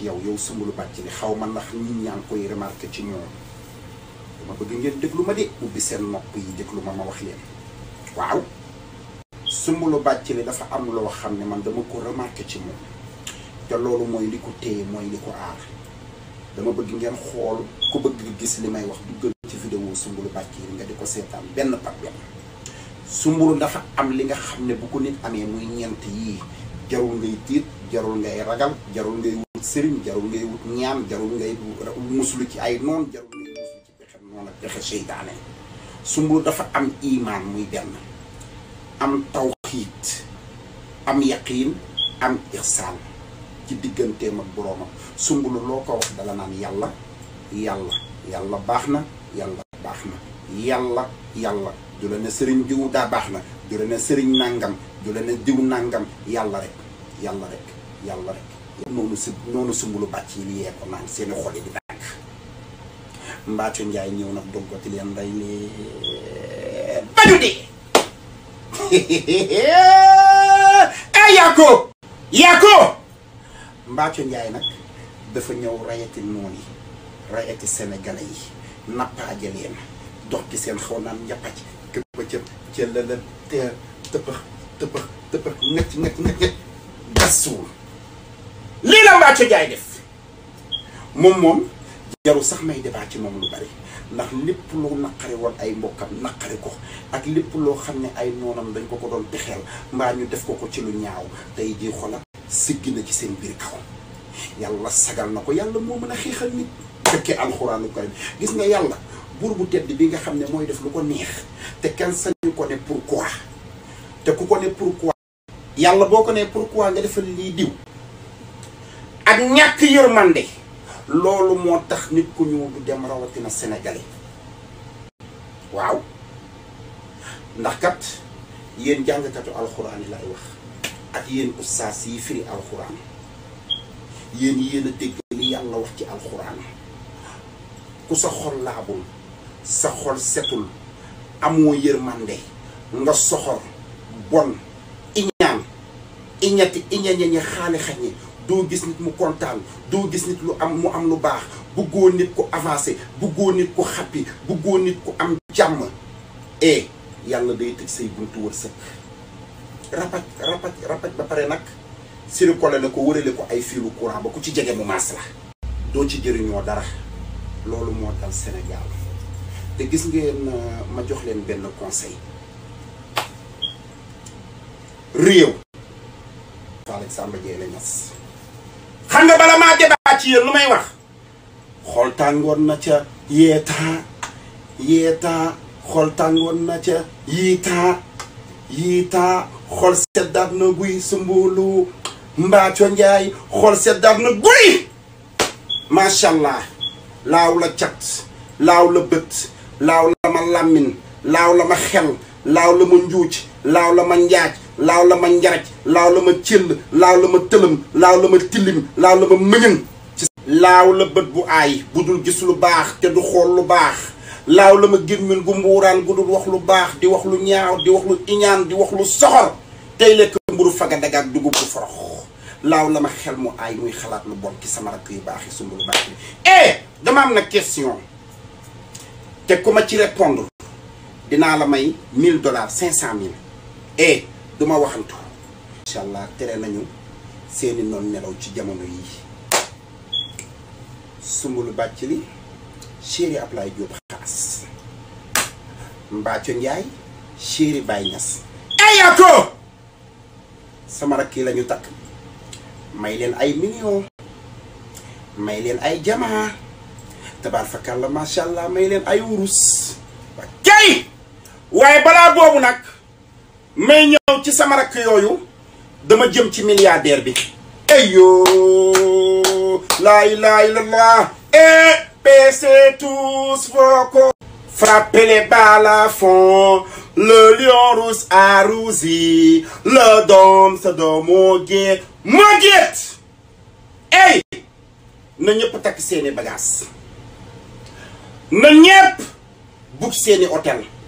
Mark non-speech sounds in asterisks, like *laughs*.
ci yow yow Soumboulou Bathily xaw ma ndax nit ñaa ngi koy remarqué ci ñoom dama bëgg ngeen déglu ma de ubbi seen nopp yi déglu ma ma wax leen waaw Soumboulou li dafa am loo xam ne man dama ko remarqué ci moom te loolu mooy li ko téye mooy li ko aar dama bëgg ngeen xool ku bëgg gis li may wax duggal ci vidéo Soumboulou Bathily nga di ko seetaan benn par benn Soumboulou dafa am li nga xam ne bu ko nit amee muy ñeent yii jarul ngay tiit jarul ngay ragal jarul wut sëriñ jarul ngay wut ñaam jarul ngay muslu ci ay noon jarul ngay muslu ci pexe noon ak pexe seytaane sumbu dafa am imaan muy benn am tawxiit am yaqiin am ixsaan ci digganteem ak boroomam sumbulu loo ko wax dala naan yàlla yàlla yàlla baax na yàlla na yàlla yàlla du la ne sëriñ diw daa baax na du la ne sëriñ nàngam du la ne diw nàngam yàlla yàlla rek yàlla rek noonu si noonu sumbulu bàcc yi li yee ko naan seeni xol yi di tàkk njaay ñëw nag doggati leen nday li bañu di ah *laughs* eh, yaako yaako mbaaco njaay nag dafa ñëw rayati noon yi rayati sénégalais yi nappaaje leen dox ci seen xaw naan njappac këba cë cë la la teer tëpëx tëpëx tëpëx ngëcc ngëcc ngëcc gasuul Mbacco Ndiaye def moom moom jaru sax may débat ci moom lu bari ndax lépp lu naqari woon ay mbokkam naqari ko ak lépp loo xam ne ay noonam dañ ko ko doon pexeel mbaa ñu def ko ko ci lu ñaaw tey jii xoolal siggi na ci seen biir kaw yàlla sagal na ko yàlla moo mën a xeexal nit fekkee alxuraanu karim gis nga yàlla buur bu tedd bi nga xam ne mooy def lu ko neex te kenn sañu ko ne pourquoi te ku ko ne pourquoi yàlla boo ko ne pourquoi nga defal lii diw ak ñàkk yërmande loolu moo tax nit ku ñuul du dem rawatina sénégalais waaw ndax kat yéen jàngkatu alxuraan yi lay wax ak yéen ustaas yi firi alxuraan yéen yéen a li yàlla wax ci alxuraan ku sa xol laabul sa xol setul amoo yërmande nga soxor bon iñaan iñati iñañañi xaali xañi doo gis nit mu kontaan doo gis nit lu am mu am lu baax bëggoo nit ku avancé bëggoo nit ku xàppi bëggoo nit ku am jàmm e yàlla day tëj say buntu wërsëg rapat rapat rapat ba pare nag siri ne ko wërale ko ay fiilu courant ba ku ci jege mu maas la doo ci jëriñoo dara loolu moo dal Sénégal te gis ngeen euh, ma jox leen benn conseil réew Samba Dieye la xam nga bala maa débat ci yéen lu may wax xool tàngoon na ca yeetaa yeetaa xool tàngoon na ca yiitaa yiitaa xool seddaat na guy sumbulu mbaaco njaay xool seddaat na guy macha allah laaw la cat laaw la bët laaw la ma làmmin laaw la ma xel laaw la ma njuuj laaw la ma njaaj laaw la ma njaraj laaw la ma cëll laaw la ma tëlëm laaw la ma tillim laaw la ma mëñën ci laaw la bët bu aay bu dul gis lu baax te du xool lu baax laaw la ma gémmiñ gu mbuuraan gu dul wax lu baax di wax lu ñaaw di wax lu iñaan di wax lu soxor tey lekk mburu faga dagaak dugub bu forox laaw la ma xel mu aay muy xalaat lu bon ci sama rakk yu baax yi sumb baax bi eh dama am na question te ku ma ci répondre dinaa la may 1000 dollars 500000. e du ma waxantu incha allah tere nañu seeni noon nelaw ci jamono yi sumbulu bàcc li chéri Ablaye Diop xaas Mbaaco Njaay chéri Baye Ñas eyako sama rakk yi la ñu takk may leen ay million may leen ay jamaa tabaar fakal la macha allah may leen ay wurus wa kay waaye balaa boobu nag may ñëw ci sama rakk yooyu dama jëm ci milliardaire bi eyyo lay la illallah et pc tous voko frappez les balles lion rouge a rougi le dôme se dôme moo géet moo géet ey na ñëpp takk seeni bagages na ñëpp bug seeni hôtel